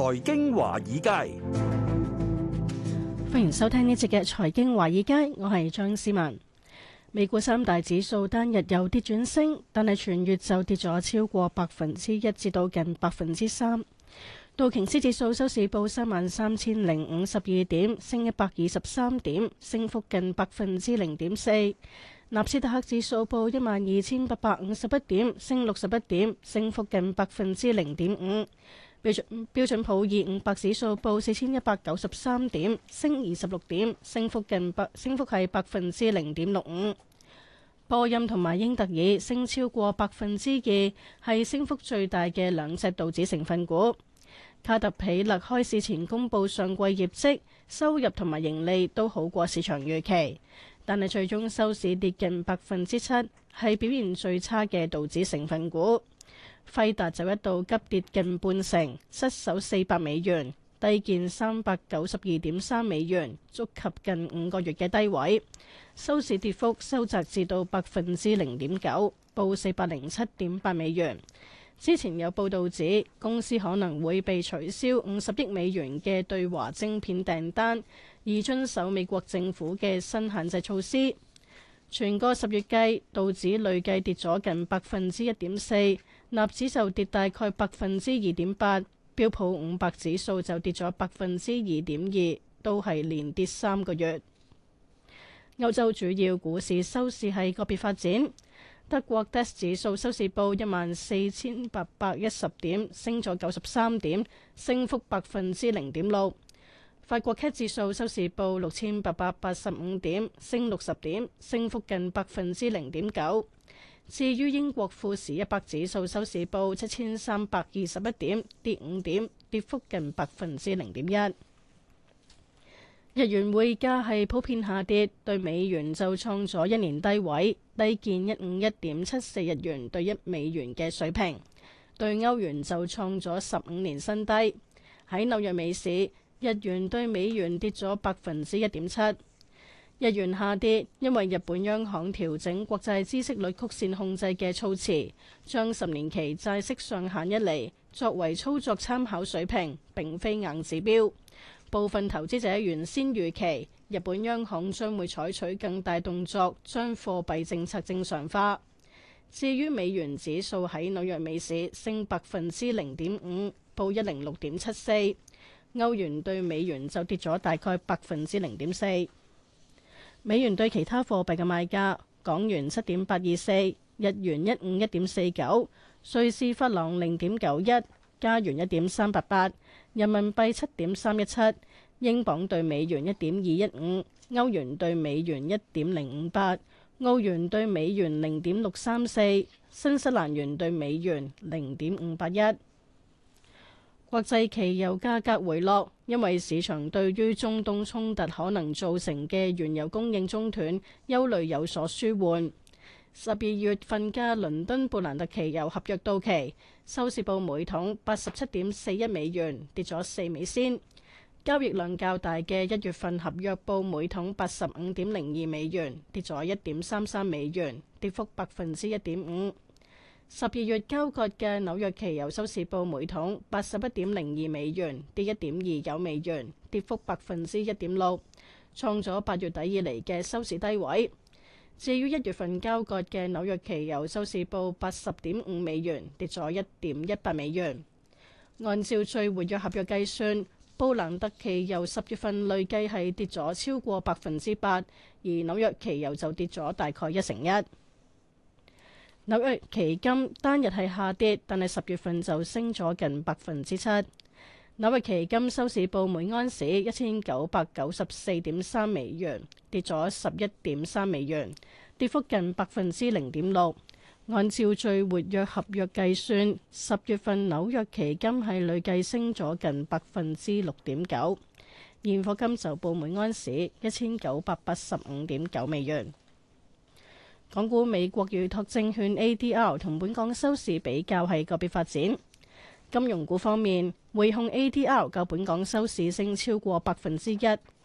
財經華爾街，歡迎收聽呢集嘅財經華爾街，我係張思文。美股三大指數單日有跌轉升，但係全月就跌咗超過百分之一至到近百分之三。道瓊斯指數收市報三萬三千零五十二點，升一百二十三點，升幅近百分之零點四。納斯達克指數報一萬二千八百五十一點，升六十一點，升幅近百分之零點五。標準標準普爾五百指數報四千一百九十三點，升二十六點，升幅近百，升幅係百分之零點六五。波音同埋英特爾升超過百分之二，係升幅最大嘅兩隻道指成分股。卡特彼勒開市前公布上季業績，收入同埋盈利都好過市場預期，但係最終收市跌近百分之七，係表現最差嘅道指成分股。輝達就一度急跌近半成，失守四百美元，低見三百九十二點三美元，觸及近五個月嘅低位。收市跌幅收窄至到百分之零點九，報四百零七點八美元。之前有報道指，公司可能會被取消五十億美元嘅對華晶片訂單，以遵守美國政府嘅新限制措施。全個十月計，道指累計跌咗近百分之一點四。納指就跌大概百分之二點八，標普五百指數就跌咗百分之二點二，都係連跌三個月。歐洲主要股市收市係個別發展，德國 DAX 指數收市報一萬四千八百一十點，升咗九十三點，升幅百分之零點六。法國 CAC 指數收市報六千八百八十五點，升六十點，升幅近百分之零點九。至於英國富時一百指數收市報七千三百二十一點，跌五點，跌幅近百分之零點一。日元匯價係普遍下跌，對美元就創咗一年低位，低見一五一點七四日元對一美元嘅水平；對歐元就創咗十五年新低。喺紐約美市，日元對美元跌咗百分之一點七。日元下跌，因為日本央行調整國債孳息率曲線控制嘅措辭，將十年期債息上限一厘作為操作參考水平，並非硬指標。部分投資者原先預期日本央行將會採取更大動作，將貨幣政策正常化。至於美元指數喺紐約美市升百分之零點五，報一零六點七四。歐元對美元就跌咗大概百分之零點四。美元對其他貨幣嘅賣價：港元七點八二四，日元一五一點四九，瑞士法郎零點九一，加元一點三八八，人民幣七點三一七，英鎊對美元一點二一五，歐元對美元一點零五八，澳元對美元零點六三四，新西蘭元對美元零點五八一。國際期油價格回落，因為市場對於中東衝突可能造成嘅原油供應中斷憂慮有所舒緩。十二月份嘅倫敦布蘭特期油合約到期，收市報每桶八十七點四一美元，跌咗四美仙。交易量較大嘅一月份合約報每桶八十五點零二美元，跌咗一點三三美元，跌幅百分之一點五。十二月交割嘅紐約期油收市報每桶八十一點零二美元，跌一點二九美元，跌幅百分之一點六，創咗八月底以嚟嘅收市低位。至於一月份交割嘅紐約期油收市報八十點五美元，跌咗一點一八美元。按照最活躍合約計算，布蘭德期油十月份累計係跌咗超過百分之八，而紐約期油就跌咗大概一成一。紐約期金單日係下跌，但係十月份就升咗近百分之七。紐約期金收市報每安士一千九百九十四點三美元，跌咗十一點三美元，跌幅近百分之零點六。按照最活躍合約計算，十月份紐約期金係累計升咗近百分之六點九。現貨金就報每安士一千九百八十五點九美元。港股美國預託證券 ADR 同本港收市比較係個別發展。金融股方面，匯控 ADR 較本港收市升超過百分之一，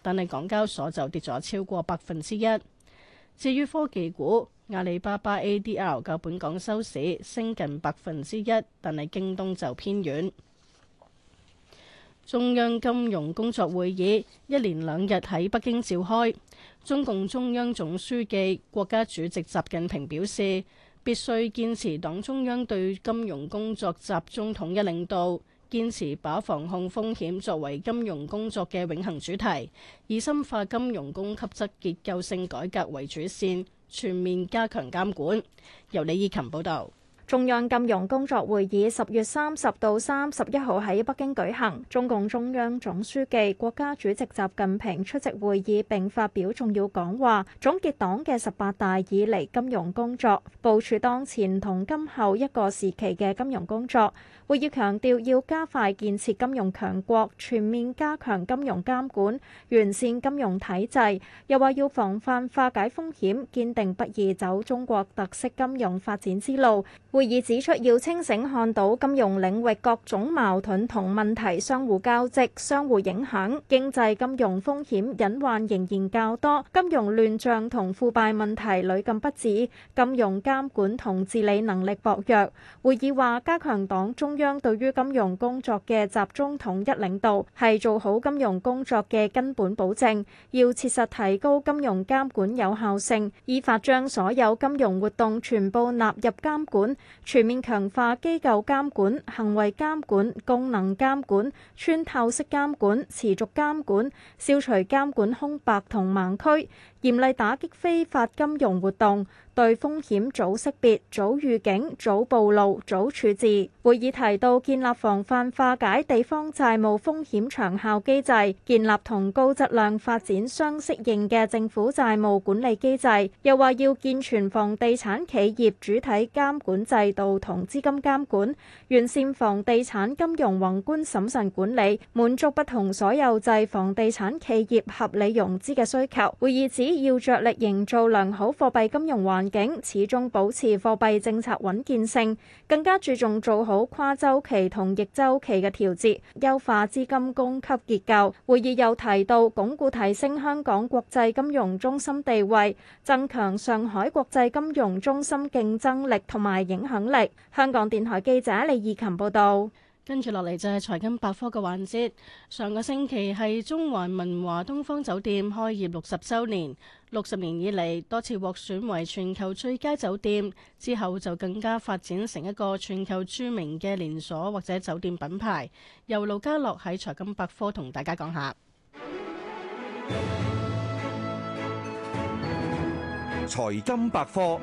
但係港交所就跌咗超過百分之一。至於科技股，阿里巴巴 ADR 較本港收市升近百分之一，但係京東就偏遠。中央金融工作會議一連兩日喺北京召開。中共中央總書記、國家主席習近平表示，必須堅持黨中央對金融工作集中統，統一領導，堅持把防控風險作為金融工作嘅永恒主題，以深化金融供給側結構性改革為主線，全面加強監管。由李依琴報道。中央金融工作會議十月三十到三十一號喺北京舉行，中共中央總書記、國家主席習近平出席會議並發表重要講話，總結黨嘅十八大以嚟金融工作，部署當前同今後一個時期嘅金融工作。會議強調要加快建設金融強國，全面加強金融監管，完善金融體制，又話要防範化解風險，堅定不移走中國特色金融發展之路。會議指出，要清醒看到金融領域各種矛盾同問題相互交織、相互影響，經濟金融風險隱患仍然較多，金融亂象同腐敗問題屢禁不止，金融監管同治理能力薄弱。會議話，加強黨中央對於金融工作嘅集中統一領導係做好金融工作嘅根本保證，要切實提高金融監管有效性，依法將所有金融活動全部納入監管。全面強化機構監管、行為監管、功能監管、穿透式監管、持續監管，消除監管空白同盲區。嚴厲打擊非法金融活動，對風險早識別、早預警、早暴露、早處置。會議提到建立防範化解地方債務風險長效機制，建立同高質量發展相適應嘅政府債務管理機制。又話要健全房地產企業主體監管制度同資金監管，完善房地產金融宏觀審慎管理，滿足不同所有制房地產企業合理融資嘅需求。會議指，要着力營造良好貨幣金融環境，始終保持貨幣政策穩健性，更加注重做好跨周期同逆周期嘅調節，優化資金供給結構。會議又提到鞏固提升香港國際金融中心地位，增強上海國際金融中心競爭力同埋影響力。香港電台記者李義琴報道。跟住落嚟就係財金百科嘅環節。上個星期係中環文華東方酒店開業六十週年，六十年以嚟多次獲選為全球最佳酒店，之後就更加發展成一個全球著名嘅連鎖或者酒店品牌。由盧家樂喺財金百科同大家講下。財金百科。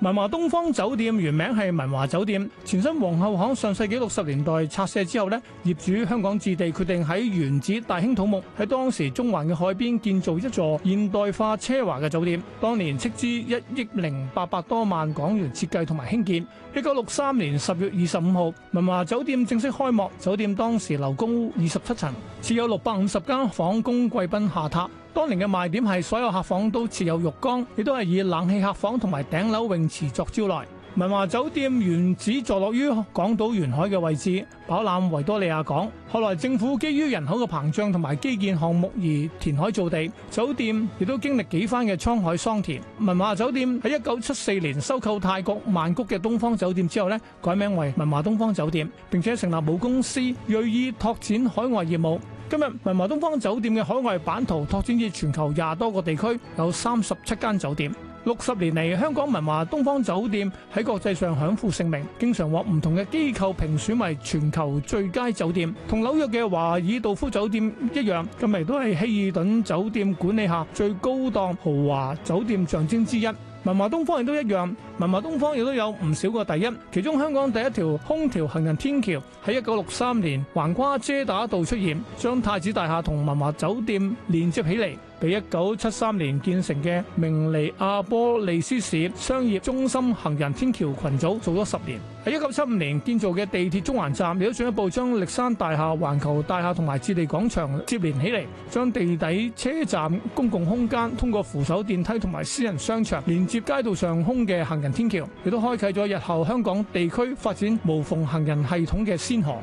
文華東方酒店原名係文華酒店，前身皇后巷。上世紀六十年代拆卸之後呢，業主香港置地決定喺原址大興土木，喺當時中環嘅海邊建造一座現代化奢華嘅酒店。當年斥資一億零八百多萬港元設計同埋興建。一九六三年十月二十五號，文華酒店正式開幕。酒店當時樓高二十七層，設有六百五十間房工貴賓，供貴賓下榻。當年嘅賣點係所有客房都設有浴缸，亦都係以冷氣客房同埋頂樓泳池作招來。文華酒店原址坐落於港島沿海嘅位置，飽覽維多利亞港。後來政府基於人口嘅膨脹同埋基建項目而填海造地，酒店亦都經歷幾番嘅滄海桑田。文華酒店喺一九七四年收購泰國曼谷嘅東方酒店之後呢，改名為文華東方酒店，並且成立母公司，銳意拓展海外業務。今日文華東方酒店嘅海外版圖拓展至全球廿多個地區，有三十七間酒店。六十年嚟，香港文華東方酒店喺國際上享負盛名，經常獲唔同嘅機構評選為全球最佳酒店。同紐約嘅華爾道夫酒店一樣，今日都係希爾頓酒店管理下最高檔豪華酒店象徵之一。文華東方亦都一樣。文華東方亦都有唔少個第一，其中香港第一條空調行人天橋喺一九六三年橫跨遮打道出現，將太子大廈同文華酒店連接起嚟，比一九七三年建成嘅明尼亞波利斯市商業中心行人天橋群組做咗十年。喺一九七五年建造嘅地鐵中環站亦都進一步將歷山大廈、環球大廈同埋置地廣場接連起嚟，將地底車站公共空間通過扶手電梯同埋私人商場連接街道上空嘅行人。天橋亦都開啟咗日後香港地區發展無縫行人系統嘅先河。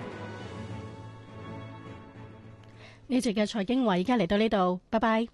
呢集嘅財經話，而家嚟到呢度，拜拜。